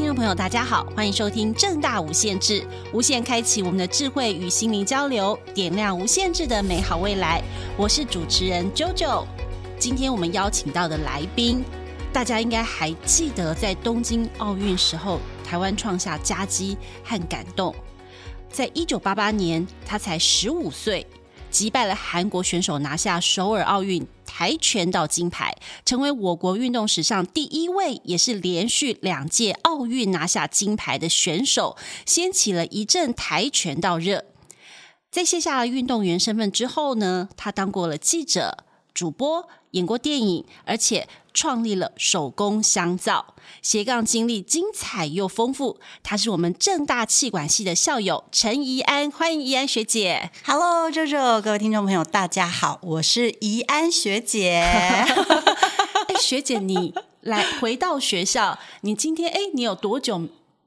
聽眾朋友，大家好，歡迎收聽政大無限誌，無限開啟我們的智慧與心靈交流，點亮無限制的美好未來。我是主持人 JoJo，jo，今天我們邀請到的來賓，大家應該還記得，在東京奧運時候，台灣創下佳績和感動。在一九八八年，她才十五歲，擊敗了韓國選手，拿下首爾奧運。跆拳道金牌，成為我國運動史上第一位，也是連續兩屆奧運拿下金牌的選手，掀起了一陣跆拳道熱。在卸下了運動員身份之後呢，他當過了記者。主播演過電影，而且創立了手工香皂。斜槓經歷精彩又豐富。她是我們政大企管系的校友陳怡安，歡迎怡安學姐。Hello，JoJo，各位聽眾朋友，大家好，我是怡安學姐、 欸。學姐，你來 回到學校，你今天哎、欸，你有多久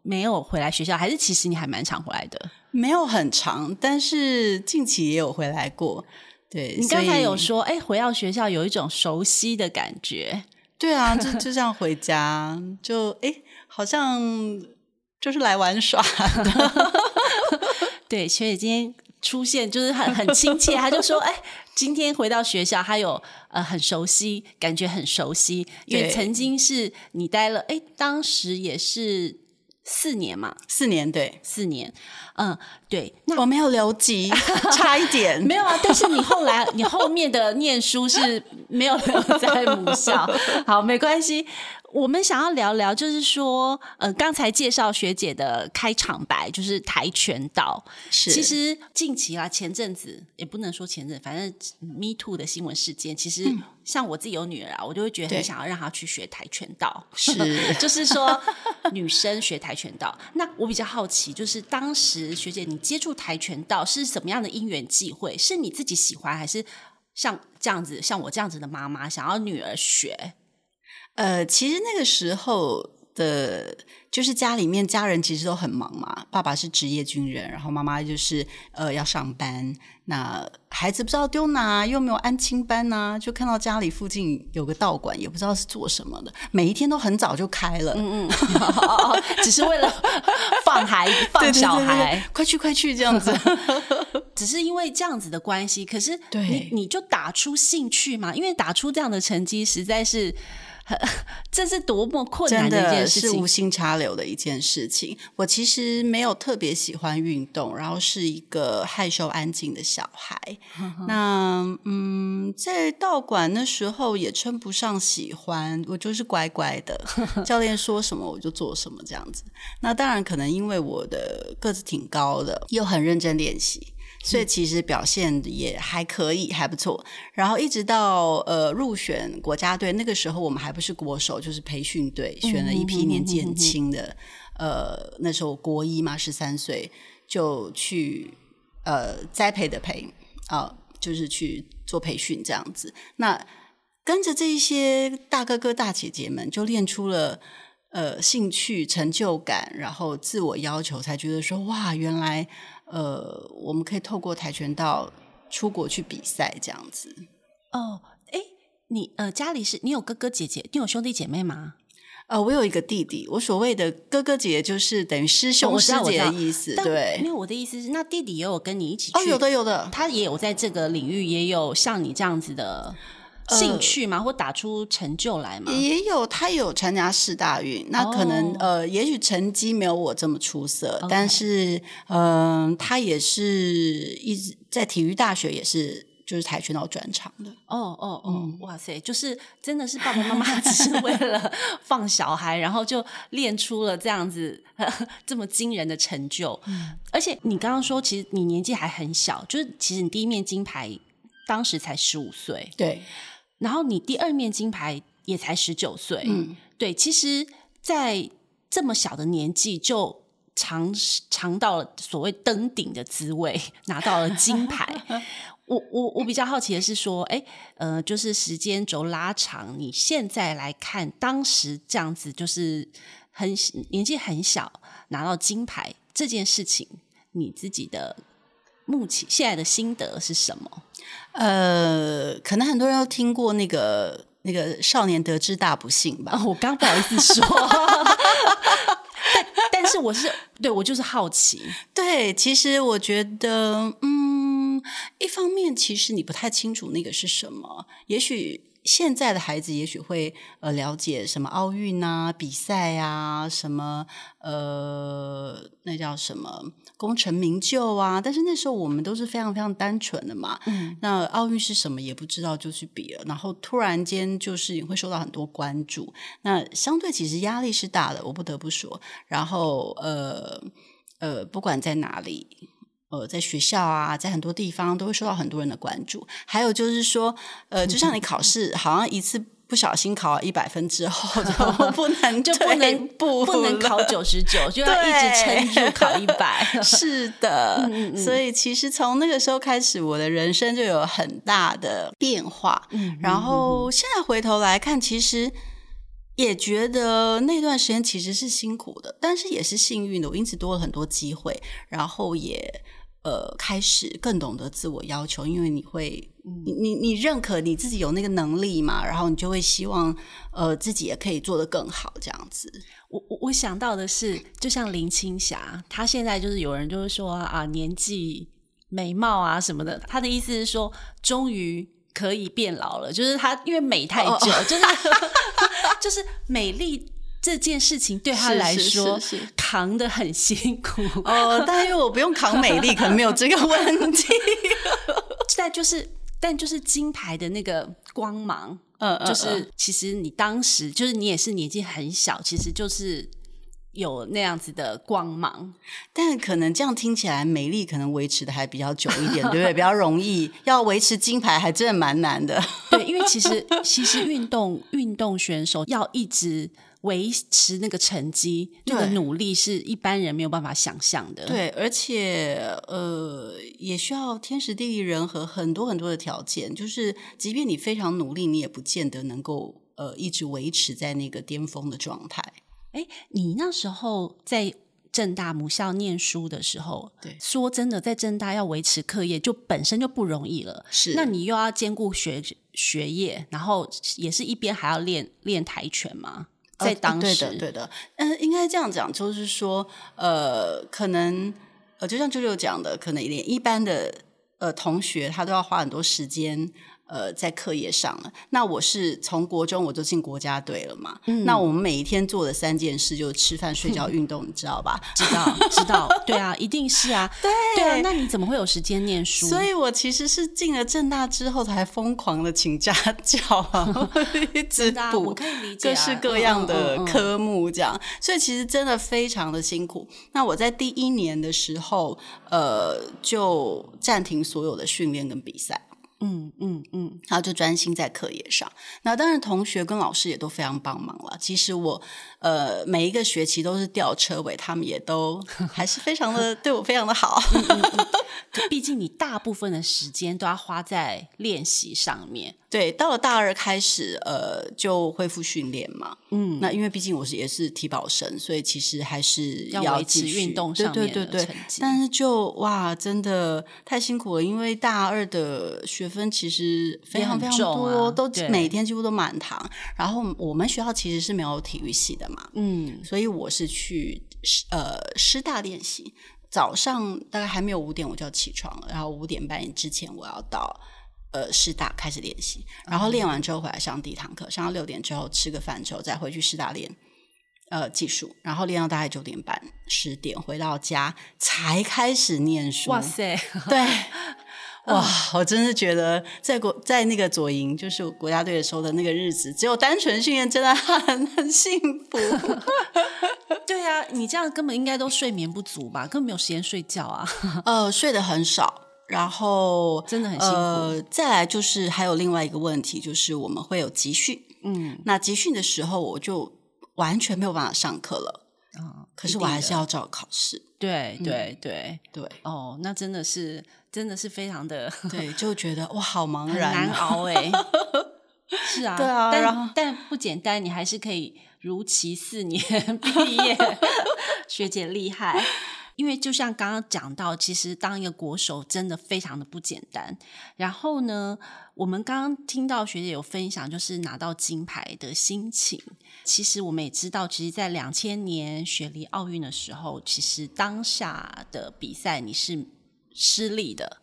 沒有回來學校？還是其實你還蠻常回來的？沒有很長，但是近期也有回來過。對你剛才有說，哎以、欸，回到學校有一種熟悉的感覺。對啊，就就像回家， 就哎、欸，好像就是來玩耍的。 對，學姐今天出現就是很很親切。她 就說，哎、欸，今天回到學校她，還有呃很熟悉，感覺很熟悉，因為曾經是你待了，哎、欸，當時也是。四年嘛，四年對，四年，嗯，對，那我沒有留級，差一點， 沒有啊，但是你後來 你後面的唸書是沒有留在母校， 好，沒關係。我們想要聊聊，就是說，呃，剛才介紹學姐的開場白就是跆拳道。是，其實近期啊，前陣子也不能說前陣子，反正 me too 的新聞事件，其實像我自己有女兒啊，我就會覺得很想要讓她去學跆拳道。對 是， 就是說女生學跆拳道。 那我比較好奇，就是當時學姐你接觸跆拳道是什麼樣的因緣際會？是你自己喜歡，還是像這樣子，像我這樣子的媽媽想要女兒學？呃，其實那個時候的，就是家裡面家人其實都很忙嘛。爸爸是職業軍人，然後媽媽就是呃要上班。那孩子不知道丟哪，又沒有安親班吶，就看到家裡附近有個道館，也不知道是做什麼的。每一天都很早就開了，嗯,嗯、哦哦、只是為了放孩子、 放小孩，對對對對快去快去這樣子。 只是因為這樣子的關係，可是你對你就打出興趣嘛，因為打出這樣的成績實在是。 這是多麼困難的一件事情，是無心插柳的一件事情。我其實沒有特別喜歡運動，然後是一個害羞安靜的小孩。嗯哼那嗯，在道館那時候也稱不上喜歡，我就是乖乖的， 教練說什麼我就做什麼這樣子。那當然可能因為我的個子挺高的，又很認真練習。所以其實表現也還可以，嗯、還不錯。然後一直到呃入選國家隊，那個時候我們還不是國手，就是培訓隊，選了一批年紀很輕的，呃，那時候國一嘛，十三歲就去呃栽培的培啊、呃，就是去做培訓這樣子。那跟着這一些大哥哥大姐姐們，就練出了呃興趣、成就感，然後自我要求，才覺得說哇，原來。呃，我們可以透過跆拳道出國去比賽這樣子。哦，哎，你呃家裡是你有哥哥姐姐，你有兄弟姐妹嗎？呃、哦，我有一個弟弟。我所謂的哥哥姐姐，就是等於師兄師姐的意思。哦、對，沒有，我的意思是，那弟弟也有跟你一起去？哦，有的有的，他也有在這個領域也有像你這樣子的興趣嗎？或打出成就來嗎？也有，他有參加世大運，那可能、oh. 呃，也許成績沒有我這麼出色，Okay. 但是嗯、呃，他也是一直在體育大學，也是就是跆拳道專長的。哦哦哦，哇塞，就是真的是爸爸媽媽只是為了放小孩， 然後就練出了這樣子呵呵這麼驚人的成就。嗯、而且你剛剛說，其實你年紀還很小，就是其實你第一面金牌當時才十五歲，對。然後你第二面金牌也才十九歲，嗯、對，其實，在這麼小的年紀就嘗嘗到了所謂登頂的滋味，拿到了金牌。 我我我比較好奇的是說，哎、欸，呃，就是時間軸拉長，你現在來看當時這樣子，就是很年紀很小拿到金牌這件事情，你自己的目前現在的心得是什麼？呃，可能很多人都聽過那個那個少年得志大不幸吧？哦，我剛不好意思說， 但但是我是 對，我就是好奇。對，其實我覺得，嗯，一方面其實你不太清楚那個是什麼，也許。現在的孩子也許會呃了解什麼奧運啊、比賽啊什麼，呃那叫什麼功成名就啊，但是那時候我們都是非常非常單純的嘛，嗯、那奧運是什麼也不知道就去比了，然後突然間就是會受到很多關注，那相對其實壓力是大的，我不得不說。然後呃呃不管在哪裡。呃，在學校啊，在很多地方都會受到很多人的關注。還有就是說，呃，就像你考試，嗯、哼好像一次不小心考一百分之後，不能 對就不能就不能不不能考九十九，就要一直撐就考一百。對 是的，嗯嗯所以其實從那個時候開始，我的人生就有很大的變化。嗯、然後現在回頭來看，其實也覺得那段時間其實是辛苦的，但是也是幸運的，我因此多了很多機會，然後也。呃，開始更懂得自我要求，因為你會，嗯、你你認可你自己有那個能力嘛，然後你就會希望，呃，自己也可以做得更好這樣子。我我我想到的是，就像林青霞，她現在就是有人就是說啊，年紀、美貌啊什麼的，她的意思是說，終於可以變老了，就是她因為美太久，哦哦就是 就是美麗。這件事情對他來說，扛的很辛苦哦，但因為我不用扛美麗， 可能沒有這個問題。 但就是，但就是金牌的那個光芒，嗯，就是、嗯、其實你當時就是你也是年紀很小，其實就是有那樣子的光芒。但可能這樣聽起來，美麗可能維持的還比較久一點，對不對？ 比較容易，要維持金牌，還真的蠻難的。對，因為其實 其實運動運動選手要一直。維持那個成績，對那個努力是一般人沒有辦法想象的。對，而且呃，也需要天時地利人和很多很多的條件。就是，即便你非常努力，你也不見得能夠呃一直維持在那個巔峰的狀態。哎，你那時候在政大母校念書的時候，對，說真的，在政大要維持課業就本身就不容易了。是，那你又要兼顧學學業，然後也是一邊還要練練跆拳嗎？在當時、哦，對的，呃、嗯，應該這樣講，就是說，呃，可能，呃，就像舅舅講的，可能連一般的呃同學，他都要花很多時間。呃，在課業上了，那我是從國中我就進國家隊了嘛。嗯、那我們每一天做的三件事就是吃飯、睡覺、運動，嗯、你知道吧？知道，知道。 對啊，一定是啊。對，對啊。對啊 那你怎麼會有時間念書？所以我其實是進了政大之後才瘋狂的請家教。啊， 一直補、啊，我可以理解啊。各式各樣的科目這樣，嗯嗯嗯嗯，所以其實真的非常的辛苦。那我在第一年的時候，呃，就暫停所有的訓練跟比賽。嗯嗯嗯，然後就專心在課業上。那當然，同學跟老師也都非常幫忙了。其實我呃每一個學期都是吊車尾，他們也都還是非常的 對我非常的好。 嗯嗯嗯、就畢竟你大部分的時間都要花在練習上面。對，到了大二開始，呃，就恢復訓練嘛。嗯，那因為畢竟我是也是體保生，所以其實還是要，要維持運動上面的成績。對，對，對，對，對。對但是就哇，真的太辛苦了，因為大二的學。分其實非常非常多，啊、都每天幾乎都滿堂。對然後我們學校其實是沒有體育系的嘛，嗯，所以我是去師呃師大練習。早上大概還沒有五點我就要起床了，然後五點半之前我要到呃師大開始練習，然後練完之後回來上第一堂課，嗯、上到六點之後吃個飯之後再回去師大練呃技術，然後練到大概九點半十點回到家才開始念書。哇塞，對。 哇，我真的覺得在國在那個左營，就是國家隊的時候的那個日子，只有單純訓練，真的很很幸福。 對呀、啊，你這樣根本應該都睡眠不足吧？根本沒有時間睡覺啊。呃，睡得很少，然後真的很幸福、呃。再來就是還有另外一個問題，就是我們會有集訓。嗯，那集訓的時候我就完全沒有辦法上課了。嗯、哦，可是我還是要照考試。對對對、嗯、對哦，oh, 那真的是真的是非常的，對， 就覺得哇，好茫然、啊、難熬哎、欸， 是啊，對啊，但後但不簡單，你還是可以如期四年畢業， 學姐厲害。因為就像剛剛講到，其實當一個國手真的非常的不簡單，然後呢。我們剛剛聽到學姐有分享，就是拿到金牌的心情。其實我們也知道，其實，在兩千年雪梨奧運的時候，其實當下的比賽你是失利的。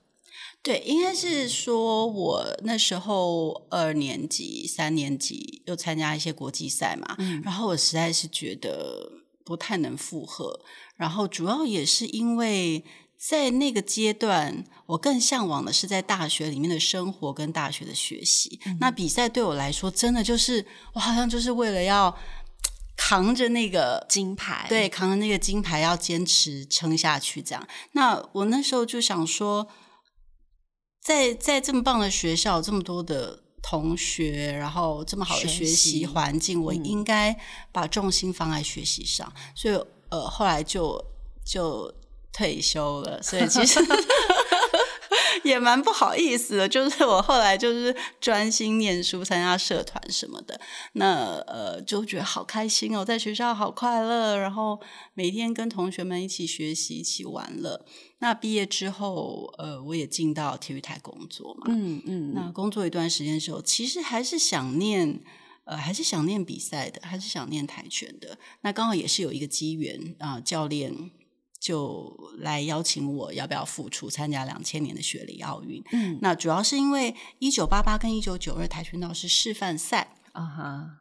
對，應該是說我那時候二年級、嗯、三年級又參加一些國際賽嘛，嗯、然後我實在是覺得不太能負荷，然後主要也是因為。在那個階段，我更嚮往的是在大學裡面的生活跟大學的學習。嗯、那比賽對我來說，真的就是，我好像就是為了要扛着那個金牌，對，扛着那個金牌要堅持撐下去這樣。那我那時候就想說，在在這麼棒的學校，這麼多的同學，然後這麼好的學習環境，習我應該把重心放在學習上。嗯、所以，呃，後來就就。退休了，所以其實 也蠻不好意思的，就是我後來就是專心念書、參加社團什麼的。那呃，就覺得好開心哦，在學校好快樂，然後每天跟同學們一起學習、一起玩樂。那畢業之後，呃，我也進到體育台工作嘛。嗯嗯。嗯那工作一段時間的時候，其實還是想念，呃，還是想念比賽的，還是想念跆拳的。那剛好也是有一個機緣啊、呃，教練。就來邀請我，要不要復出參加兩千年的雪梨奧運？嗯，那主要是因為一九八八跟一九九二跆拳道是示範賽啊哈。嗯 uh huh.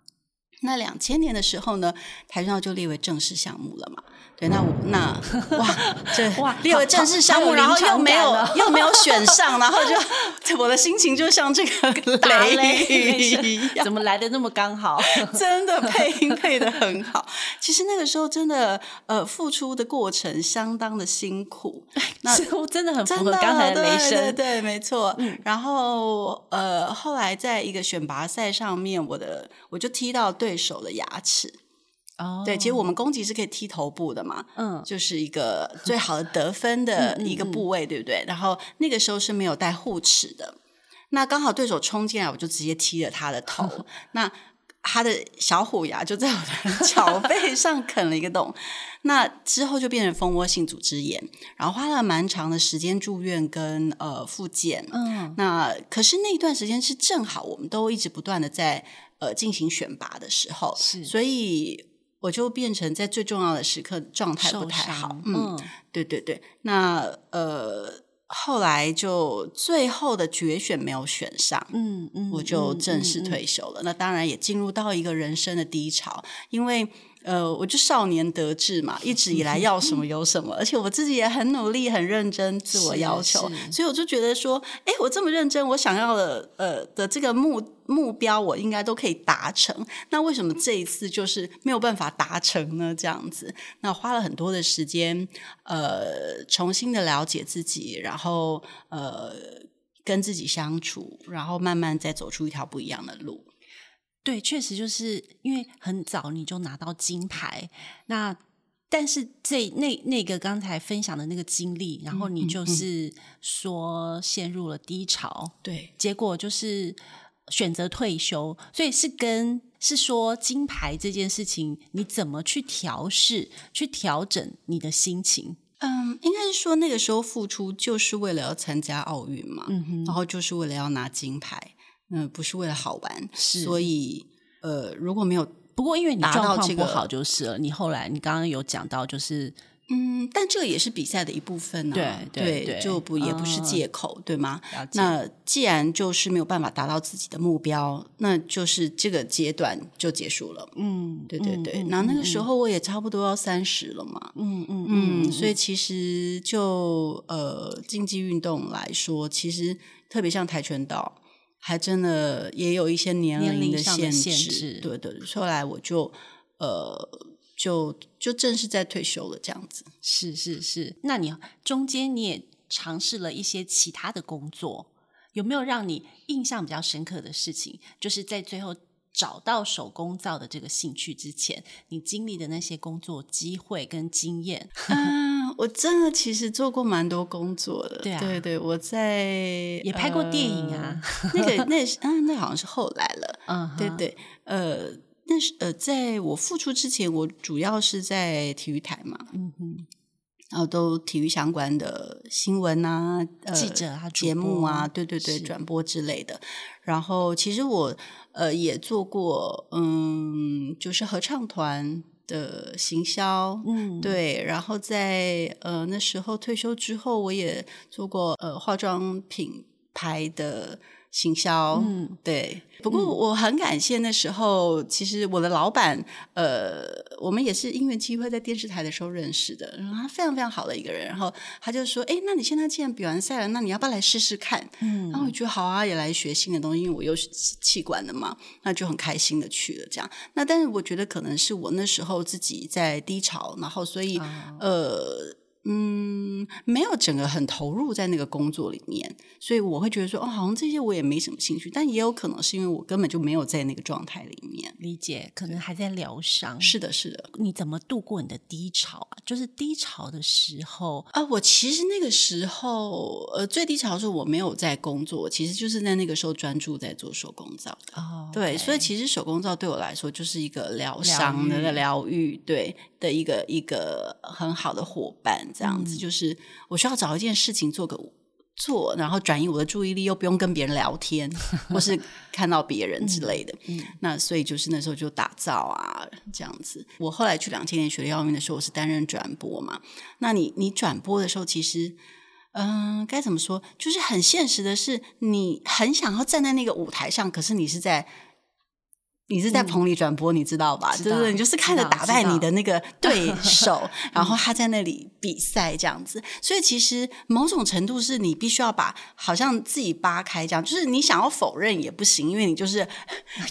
那兩千年的時候呢，跆拳道就列為正式項目了嘛？對，那我那哇，這哇列為正式項目，然後又沒有，有又沒有選上， 然後就我的心情就像這個雷一樣，雷雷怎麼來的那麼剛好？ 真的配音配得很好，其實那個時候真的呃，付出的過程相當的辛苦。那 我真的很符合剛才的雷聲，對，沒錯。嗯，然後呃，後來在一個選拔賽上面，我的我就踢到對。對手的牙齒哦，對，其實我們攻擊是可以踢頭部的嘛，嗯，就是一個最好的得分的一個部位，嗯嗯、對不對？然後那個時候是沒有帶護齒的，那剛好對手衝進來，我就直接踢了他的頭，嗯、那他的小虎牙就在我的腳背上啃了一個洞， 那之後就變成蜂窩性組織炎，然後花了蠻長的時間住院跟呃復健，嗯，那可是那一段時間是正好我們都一直不斷的在。呃，進行選拔的時候，是所以我就變成在最重要的時刻狀態不太好。嗯，嗯，對對對。那呃，後來就最後的決選沒有選上。嗯嗯，嗯我就正式退休了。嗯嗯嗯、那當然也進入到一個人生的低潮，因為。呃，我就少年得志嘛，一直以來要什麼有什麼， 而且我自己也很努力，很認真，自我要求，是，是，所以我就覺得說，哎，欸，我這麼認真，我想要的，呃的這個目目標，我應該都可以達成。那為什麼這一次就是沒有辦法達成呢？這樣子，那花了很多的時間，呃，重新的了解自己，然後呃，跟自己相處，然後慢慢再走出一條不一樣的路。對，確實就是因為很早你就拿到金牌，那但是這那那個剛才分享的那個經歷，然後你就是說陷入了低潮，嗯嗯嗯對，結果就是選擇退休，所以是跟是說金牌這件事情，你怎麼去調適、去調整你的心情？嗯，應該是說那個時候付出就是為了要參加奧運嘛，嗯嗯，然後就是為了要拿金牌。嗯，不是為了好玩，是。所以呃，如果沒有不過，因為你狀況不好就是了。你後來你剛剛有講到，就是嗯，但這個也是比賽的一部分呢，對對對，就不也不是借口對嗎？那既然就是沒有辦法達到自己的目標，那就是這個階段就結束了。嗯，對對對，那那個時候我也差不多要三十了嘛，嗯嗯嗯，所以其實就呃，競技運動來說，其實特別像跆拳道。還真的也有一些年齡的限制，限制對對。後來我就呃，就就正式在退休了，這樣子。是是是，是是，那你中間你也嘗試了一些其他的工作，有沒有讓你印象比較深刻的事情？就是在最後找到手工皂的這個興趣之前，你經歷的那些工作機會跟經驗。 我真的其實做過蠻多工作的，對，啊、對對，對我在也拍過電影啊，呃、 那個那是嗯、啊，那好像是後來了，嗯哈，對對，呃，那是呃，在我復出之前，我主要是在體育台嘛，嗯哼，然後、啊、都體育相關的新聞啊，呃、記者啊，節目啊，對對對，是轉播之類的。然後其實我呃也做過，嗯，就是合唱團。的行銷，嗯，對，然後在呃那時候退休之後，我也做過呃化妝品牌的行銷，嗯，對。不過我很感謝那時候，嗯、其實我的老闆，呃，我們也是因為機會在電視台的時候認識的，然後他非常非常好的一個人。然後他就說：“哎，那你現在既然比完賽了，那你要不要來試試看？”嗯，然後我覺得好啊，也來學新的東西。因為我又是企管的嘛，那就很開心的去了。這樣，那但是我覺得可能是我那時候自己在低潮，然後所以、啊、呃。嗯，沒有整個很投入在那個工作裡面，所以我會覺得說，哦，好像這些我也沒什麼興趣。但也有可能是因為我根本就沒有在那個狀態裡面。理解，可能還在療傷。是的，是的。你怎麼度過你的低潮啊？就是低潮的時候啊，我其實那個時候，呃，最低潮的時候我沒有在工作，其實就是在那個時候專注在做手工皂。哦，okay. 對，所以其實手工皂對我來說就是一個療傷的療癒，療癒，對的一個一個很好的夥伴。這樣子就是，我需要找一件事情做個、嗯、做，然後轉移我的注意力，又不用跟別人聊天， 或是看到別人之類的。嗯、那所以就是那時候就打造啊，這樣子。我後來去兩千年雪梨奧運的時候，我是擔任轉播嘛。那你你轉播的時候，其實嗯該、呃、怎麼說，就是很現實的是，你很想要站在那個舞台上，可是你是在。你是在棚裡轉播，你知道吧？嗯、對不對？道你就是看着打敗你的那個對手，然後他在那裡比賽這樣子。 所以其實某種程度是，你必須要把好像自己扒開，這樣就是你想要否認也不行，因為你就是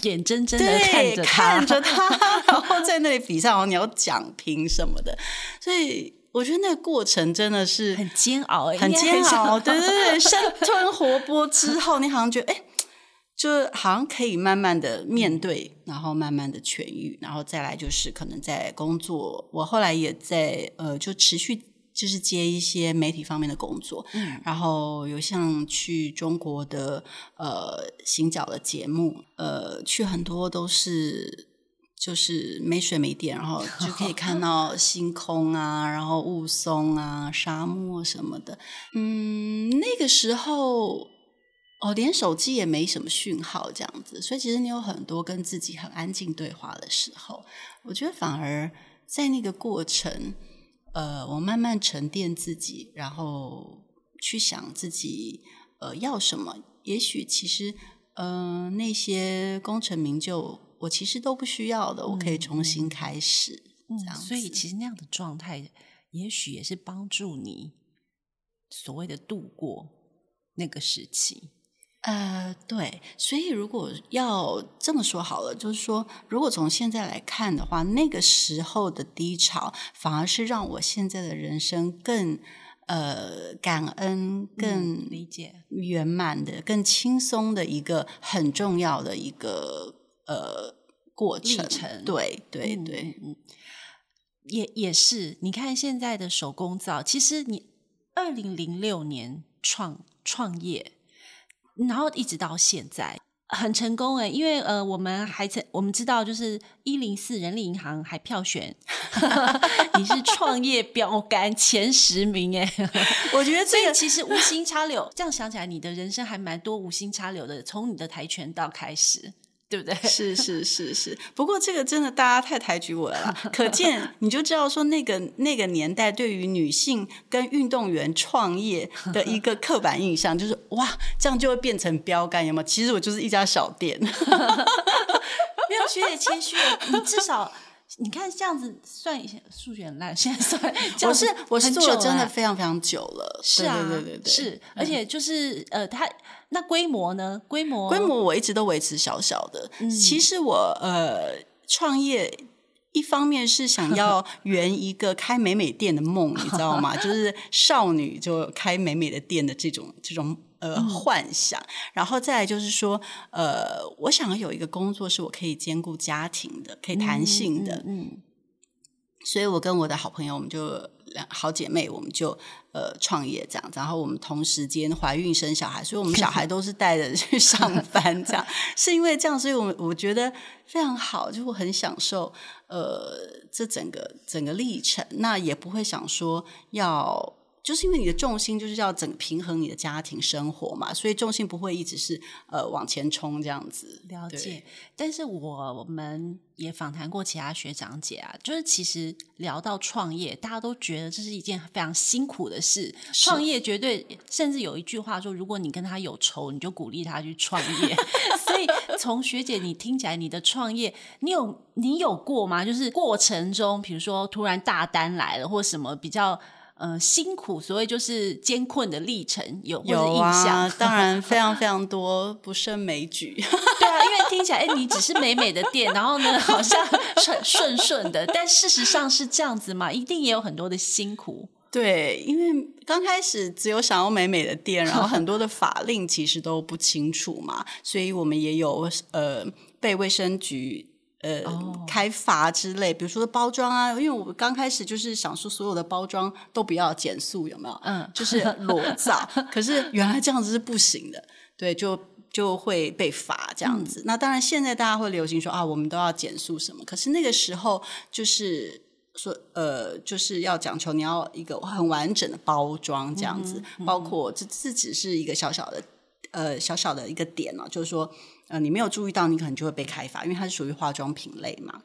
眼睜睜的看着他，看着他， 然後在那裡比賽，然後你要講評什麼的。所以我覺得那個過程真的是很煎熬，很煎熬、哎、呀對不對，生吞活剝之後，你好像覺得哎。 就好像可以慢慢的面對，然後慢慢的痊癒，然後再來就是可能在工作。我後來也在呃，就持續就是接一些媒體方面的工作，嗯，然後有像去中國的呃行腳的節目，呃，去很多都是就是沒水沒電，然後就可以看到星空啊，然後霧淞啊、沙漠什麼的，嗯，那個時候。.哦，連手機也沒什麼訊號這樣子，所以其實你有很多跟自己很安靜對話的時候。我覺得反而在那個過程，呃，我慢慢沉澱自己，然後去想自己呃要什麼。也許其實，嗯、呃，那些功成名就，我其實都不需要的，我可以重新開始這樣，嗯。嗯，所以其實那樣的狀態，也許也是幫助你所謂的度過那個時期。呃，對，所以如果要這麼說好了，就是說，如果從現在來看的話，那個時候的低潮，反而是讓我現在的人生更呃感恩、更理解、圓滿的、嗯、更輕鬆的一個很重要的一個呃過程。對對對，也也是，你看現在的手工皂，其實你二零零六年創創業。然後一直到現在，很成功哎，因為呃，我們還曾，我們知道就是一零四人力銀行還票選你 是創業標杆前十名哎， 我覺得這個其實無心插柳， 這樣想起來，你的人生還蠻多無心插柳的，從你的跆拳道開始。對不對？是是是是，不過這個真的大家太抬舉我了啦， 可見你就知道說那個那個年代對於女性跟運動員創業的一個刻板印象，就是哇，這樣就會變成標杆，有嗎？其實我就是一家小店， 沒有學姐謙虛你至少你看這樣子算一下，數學很爛，現在算我是我是做了真的非常非常久了，是啊，對對對對對是，而且就是呃，他。那規模呢？規模規模我一直都維持小小的。嗯、其實我呃，創業一方面是想要圓一個開美美店的夢， 你知道嗎？就是少女就開美美的店的這種這種呃幻想。嗯、然後再來就是說呃，我想要有一個工作是我可以兼顧家庭的，可以彈性的。嗯，嗯嗯所以我跟我的好朋友我們就。好姐妹，我們就呃創業這樣，然後我們同時間懷孕生小孩，所以我們小孩都是帶着去上班，這樣 是因為這樣，所以我我覺得非常好，就會很享受呃這整個整個歷程，那也不會想說要。就是因為你的重心就是要整平衡你的家庭生活嘛，所以重心不會一直是呃往前衝這樣子。了解。對但是我，我們也訪談過其他學長姐啊，就是其實聊到創業，大家都覺得這是一件非常辛苦的事。創是業絕對，甚至有一句話說，如果你跟他有仇，你就鼓勵他去創業。 所以從學姐你聽起來你，你的創業你有你有過嗎？就是過程中，比如說突然大單來了，或什麼比較。呃，辛苦，所以就是艱困的歷程有有、啊、印象，當然非常非常多 不勝枚舉。 對啊，因為聽起來、欸、你只是美美的店，然後呢，好像順順順的，但事實上是這樣子嘛，一定也有很多的辛苦。對，因為剛開始只有想要美美的店，然後很多的法令其實都不清楚嘛， 所以我們也有呃被衛生局。呃，oh. 開發之類，比如說包裝啊，因為我剛開始就是想說，所有的包裝都不要減塑，有沒有？嗯，就是裸皂。 可是原來這樣子是不行的，對，就就會被罰這樣子。嗯、那當然，現在大家會流行說啊，我們都要減塑什麼？可是那個時候就是說，呃，就是要講求你要一個很完整的包裝這樣子，嗯嗯嗯包括這，這只是一個小小的，呃，小小的一個點哦、啊，就是說。呃，你沒有注意到，你可能就會被開罰，因為它是屬於化妝品類嘛。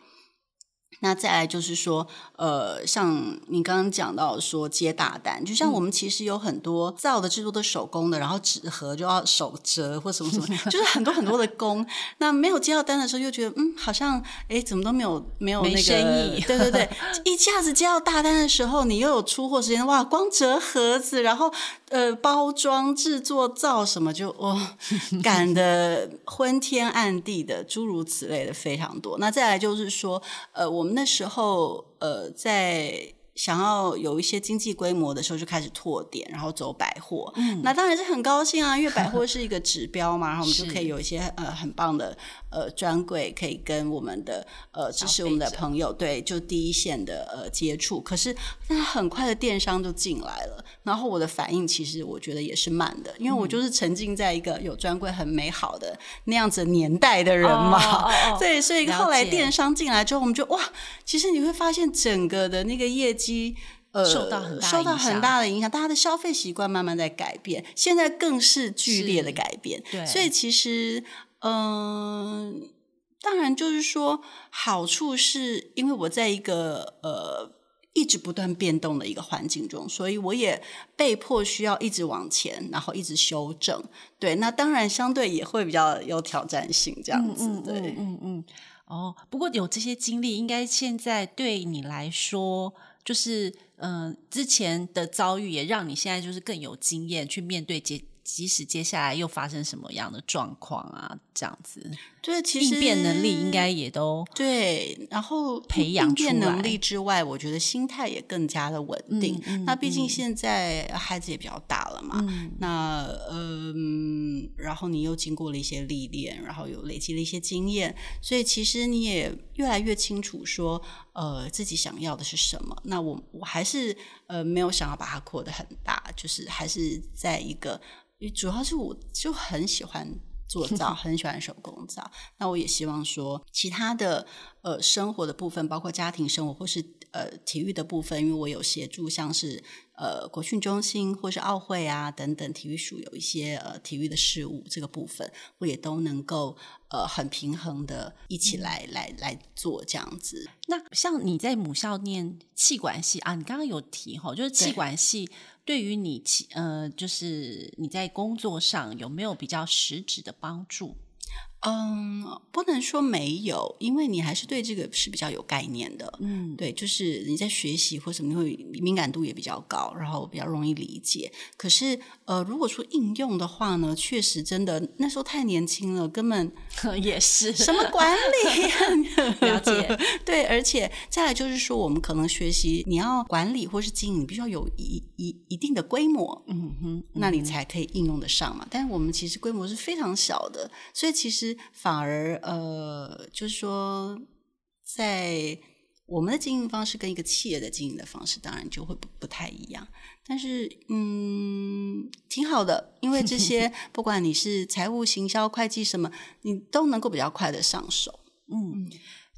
那再來就是說，呃，像你剛剛講到說接大單，就像我們其實有很多造的、製作的手工的，嗯、然後紙盒就要手折或什麼什麼，就是很多很多的工。 那沒有接到單的時候，又覺得嗯，好像哎，怎麼都沒有沒有那個，沒生意。對對對，一下子接到大單的時候，你又有出貨時間，哇，光折盒子，然後呃，包裝製作造什麼，就哦，趕 得昏天暗地的，諸如此類的非常多。那再來就是說，呃，我們。那時候，呃，在。想要有一些經濟規模的時候，就開始拓點，然後走百貨。嗯，那當然是很高興啊，因為百貨是一個指標嘛，呵呵，然後我們就可以有一些是呃很棒的呃專櫃，可以跟我們的呃支持我們的朋友對，就第一線的呃接觸。可是，那很快的電商就進來了，然後我的反應其實我覺得也是慢的，因為我就是沉浸在一個有專櫃很美好的那樣子年代的人嘛。哦哦 對，所以後來電商進來之後，解我們就哇，其實你會發現整個的那個業績。受到很大，受到很大的影響，大家的消費習慣慢慢在改變，現在更是劇烈的改變。對，所以其實嗯、呃，當然就是說好處是因為我在一個呃一直不斷變動的一個環境中，所以我也被迫需要一直往前，然後一直修正。對，那當然相對也會比較有挑戰性，這樣子。對、嗯，嗯嗯。嗯嗯哦，不過有這些經歷，應該現在對你來說。就是嗯、呃，之前的遭遇也讓你現在就是更有經驗去面對接，即使接下來又發生什麼樣的狀況啊，這樣子。對，其實應變能力應該也都對，然後培養應變能力之外，我覺得心態也更加的穩定。嗯嗯嗯、那畢竟現在孩子也比較大了嘛，嗯那嗯、呃，然後你又經過了一些歷練，然後又累積了一些經驗，所以其實你也越來越清楚說。呃，自己想要的是什麼？那我我還是呃，沒有想要把它擴得很大，就是還是在一個，主要是我就很喜歡做皂，很喜歡手工皂。 那我也希望說，其他的呃生活的部分，包括家庭生活，或是。呃，體育的部分，因為我有協助，像是呃國訓中心或是奧會啊等等，體育署有一些呃體育的事務，這個部分我也都能夠呃很平衡的一起來、嗯、來來做這樣子。那像你在母校念企管系啊，你剛剛有提哈、哦，就是企管系對於你對呃，就是你在工作上有沒有比較實質的幫助？嗯，不能說沒有，因為你還是對這個是比較有概念的，嗯，對，就是你在學習或什麼，你會敏感度也比較高，然後比較容易理解。可是，呃，如果說應用的話呢，確實真的那時候太年輕了，根本也是什麼管理啊， 了解， 對，而且再來就是說，我們可能學習你要管理或是經營，你必須要有一一一，一定的規模，嗯哼，嗯哼，那你才可以應用得上嘛。嗯哼，但是我們其實規模是非常小的，所以其實。反而呃，就是說，在我們的經營方式跟一個企業的經營的方式，當然就會不，不太一樣。但是嗯，挺好的，因為這些 不管你是財務、行銷、會計什麼，你都能夠比較快的上手。嗯，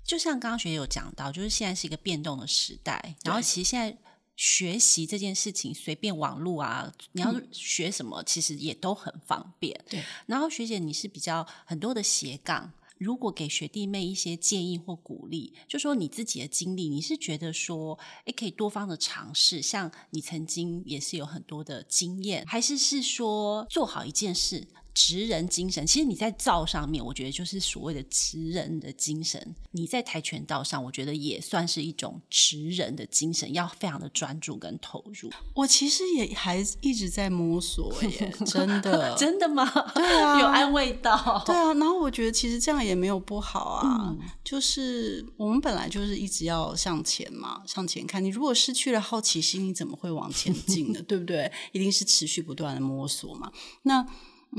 就像剛剛學姐有講到，就是現在是一個變動的時代，然後其實現在。學習這件事情，隨便網路啊，你要學什麼，嗯、其實也都很方便。對。然後學姐，你是比較很多的斜槓，如果給學弟妹一些建議或鼓勵，就說你自己的經歷，你是覺得說，哎，可以多方的嘗試，像你曾經也是有很多的經驗，還是是說做好一件事？職人精神，其實你在皂上面，我覺得就是所謂的職人的精神。你在跆拳道上，我覺得也算是一種職人的精神，要非常的專注跟投入。我其實也還一直在摸索耶， 真的， 真的嗎？對啊，有安慰到。對啊，然後我覺得其實這樣也沒有不好啊，嗯、就是我們本來就是一直要向前嘛，向前看。你如果失去了好奇心，你怎麼會往前進呢？ 對不對？一定是持續不斷的摸索嘛。那。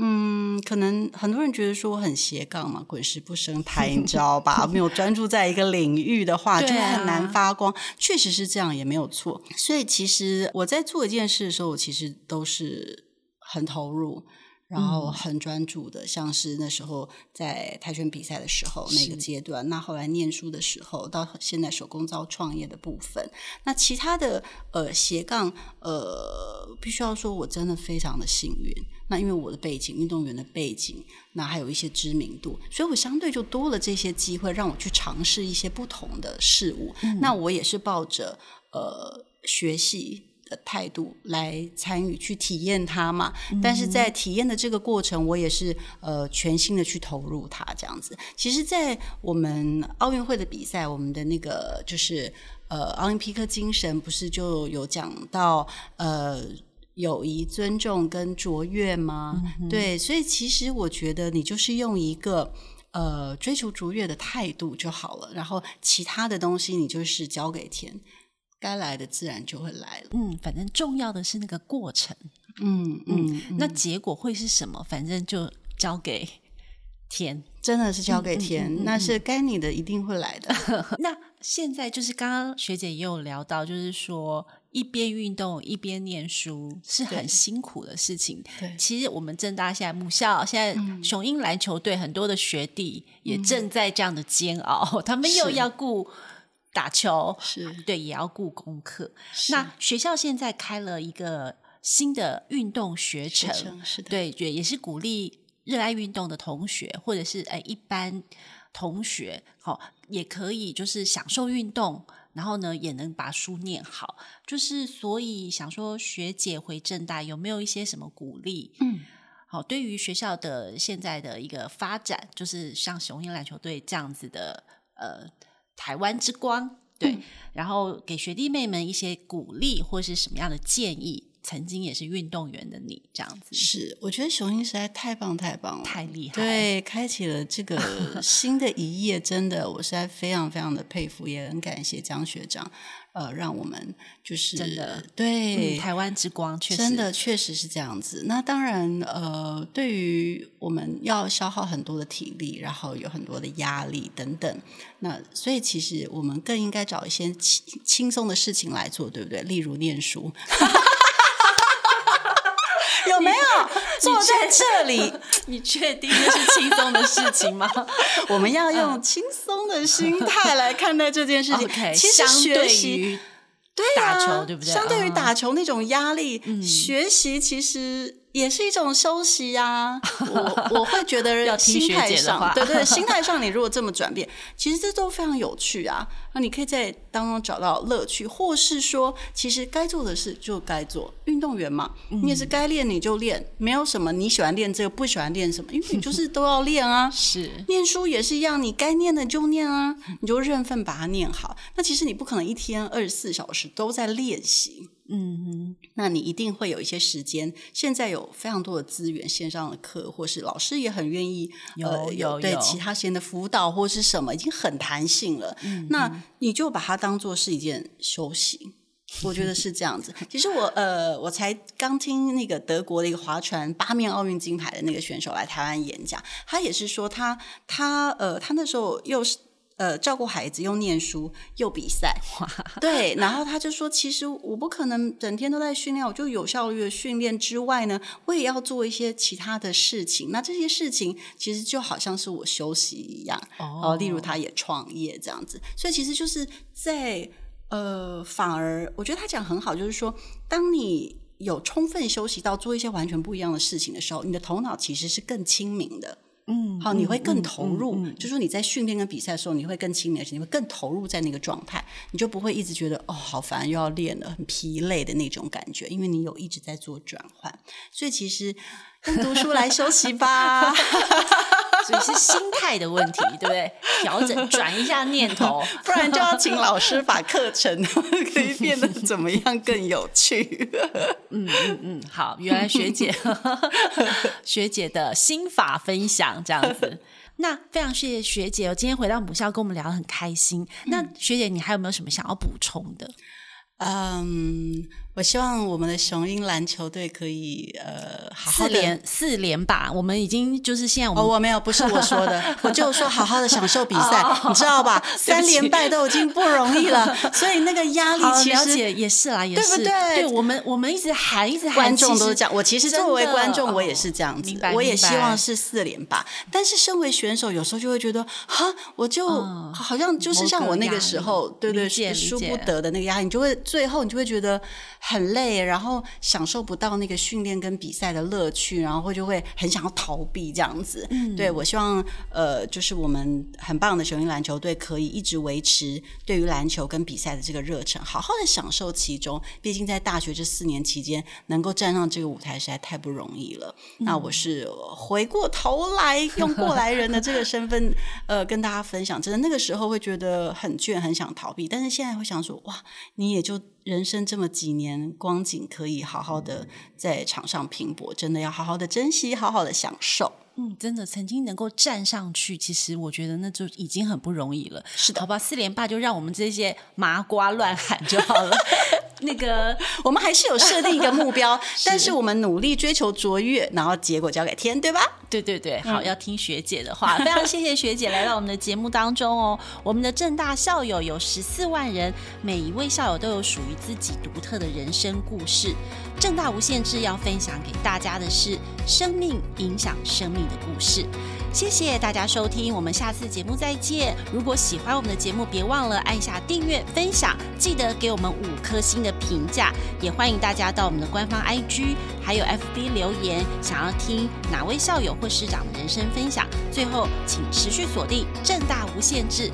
嗯，可能很多人覺得說我很斜槓嘛，滾石不生苔， 你知道吧？沒有專注在一個領域的話， 啊、就很難發光。確實是這樣，也沒有錯。所以其實我在做一件事的時候，我其實都是很投入。然後很專注的，嗯、像是那時候在跆拳比賽的時候那個階段，是那後來念書的時候，到現在手工皂創業的部分，那其他的呃斜槓呃，必須要說我真的非常的幸運，那因為我的背景運動員的背景，那還有一些知名度，所以我相對就多了這些機會讓我去嘗試一些不同的事物，嗯、那我也是抱着呃學習。的態度來參與去體驗它嘛，嗯、哼但是在體驗的這個過程，我也是呃全心的去投入它這樣子。其實，在我們奧運會的比賽，我們的那個就是呃奧林匹克精神，不是就有講到呃友誼、有尊重跟卓越嗎？嗯、哼對，所以其實我覺得你就是用一個呃追求卓越的態度就好了，然後其他的東西你就是交給天。該來的自然就會來了。嗯，反正重要的是那個過程。嗯嗯，嗯，那結果會是什麼？反正就交給天，真的是交給天。嗯嗯嗯、那是該你的一定會來的。 那現在就是剛剛學姐也有聊到，就是說一邊運動一邊念書是很辛苦的事情。對，對其實我們政大下現在母校現在雄鷹籃球隊很多的學弟也正在這樣的煎熬，嗯、 他們又要顧。打球是，對，也要顧功課。是那學校現在開了一個新的運動學程，學程對也，也是鼓勵熱愛運動的同學，或者是、呃、一般同學，好、哦，也可以就是享受運動，然後呢，也能把書念好。就是所以想說，學姐回政大有沒有一些什麼鼓勵？嗯，好、哦，對於學校的現在的一個發展，就是像雄鷹籃球隊這樣子的，呃。台灣之光，對，然後給學弟妹們一些鼓勵或是什麼樣的建議。曾經也是運動員的你，這樣子是，我覺得雄鷹實在太棒太棒了，太厲害，對，開啟了這個新的一頁， 真的，我實在非常非常的佩服，也很感謝江學長，呃、讓我們就是真的對、嗯、台灣之光，確實真的確實是這樣子。那當然，呃，對於我們要消耗很多的體力，然後有很多的壓力等等，那所以其實我們更應該找一些輕輕鬆的事情來做，對不對？例如念書。 有沒有你坐在這裡你？你確定這是輕鬆的事情嗎？ 我們要用輕鬆的心態來看待這件事情。 Okay, 其實，學習相對於打球，對啊打球，對不對？相對於打球那種壓力，嗯，學習其實。也是一種休息呀，我我會覺得要心態上， 對，對對，心態上你如果這麼轉變， 其實這都非常有趣啊。那你可以在當中找到樂趣，或是說，其實該做的事就該做。運動員嘛，你也是該練你就練，沒有什麼你喜歡練這個不喜歡練什麼，因為你就是都要練啊。 是，念書也是一樣，你該念的就念啊，你就認份把它念好。那其實你不可能一天二十四小時都在練習。嗯哼，那你一定會有一些時間。現在有非常多的資源，線上的課，或是老師也很願意有、呃、有，有對有其他時間的輔導，或是什麼，已經很彈性了。嗯、哼那你就把它當做是一件修行，我覺得是這樣子。嗯、哼其實我呃，我才剛聽那個德國的一個划船八面奧運金牌的那個選手來台灣演講，他也是說他他，他呃，他那時候又是。呃，照顧孩子又念書又比賽，哇對，然後他就說，其實我不可能整天都在訓練，我就有效率的訓練之外呢，我也要做一些其他的事情。那這些事情其實就好像是我休息一樣，哦，例如他也創業這樣子，所以其實就是在呃，反而我覺得他講很好，就是說，當你有充分休息到做一些完全不一樣的事情的時候，你的頭腦其實是更清明的。嗯，好，你會更投入，嗯嗯嗯、就說你在訓練跟比賽的時候，你會更輕盈，你會更投入在那個狀態，你就不會一直覺得哦好煩，又要練了，很疲累的那種感覺，因為你有一直在做轉換，所以其實。讀書來休息吧， 所以是心態的問題，對不對？調整轉一下念頭， 不然就要請老師把課程 可以變得怎麼樣更有趣。 嗯嗯嗯，好，原來學姐呵呵學姐的心法分享這樣子，那非常謝謝學姐，我今天回到母校跟我們聊得很開心。嗯、那學姐你還有沒有什麼想要補充的？嗯。我希望我們的雄鷹籃球隊可以呃好好四連霸四連霸，我們已經就是現在我我沒有不是我說的，我就說好好的享受比賽，你知道吧？三連霸都已經不容易了，所以那個壓力其實也是啦，也是，對不對？我們我們一直喊一直喊，觀眾都是這樣，我其實作為觀眾我也是這樣子，我也希望是四連霸。但是身為選手，有時候就會覺得哈，我就好像就是像我那個時候，對對，輸不得的那個壓力，你就會最後你就會覺得。很累，然後享受不到那個訓練跟比賽的樂趣，然後就會很想要逃避這樣子。嗯，對，我希望呃，就是我們很棒的雄鷹籃球隊可以一直維持對於籃球跟比賽的這個熱忱，好好的享受其中。畢竟在大學這四年期間，能夠站上這個舞台實在太不容易了。嗯、那我是回過頭來用過來人的這個身份， 呃，跟大家分享，真的那個時候會覺得很倦，很想逃避，但是現在會想說，哇，你也就。人生這麼幾年光景，可以好好的在場上拼搏，真的要好好的珍惜，好好的享受。嗯，真的曾經能夠站上去，其實我覺得那就已經很不容易了。是的，好吧，四連霸就讓我們這些麻瓜亂喊就好了。 那個，我們還是有設定一個目標， 是但是我們努力追求卓越，然後結果交給天，對吧？對對對，好，嗯、要聽學姐的話。非常謝謝學姐來到我們的節目當中哦。 我們的政大校友有十四萬人，每一位校友都有屬於自己獨特的人生故事。政大無限誌要分享給大家的是生命影響生命的故事。謝謝大家收聽，我們下次節目再見。如果喜歡我們的節目，別忘了按下訂閱、分享，記得給我們五顆星的評價。也歡迎大家到我們的官方 IG 還有 FB 留言，想要聽哪位校友或師長的人生分享。最後，請持續鎖定政大無限誌。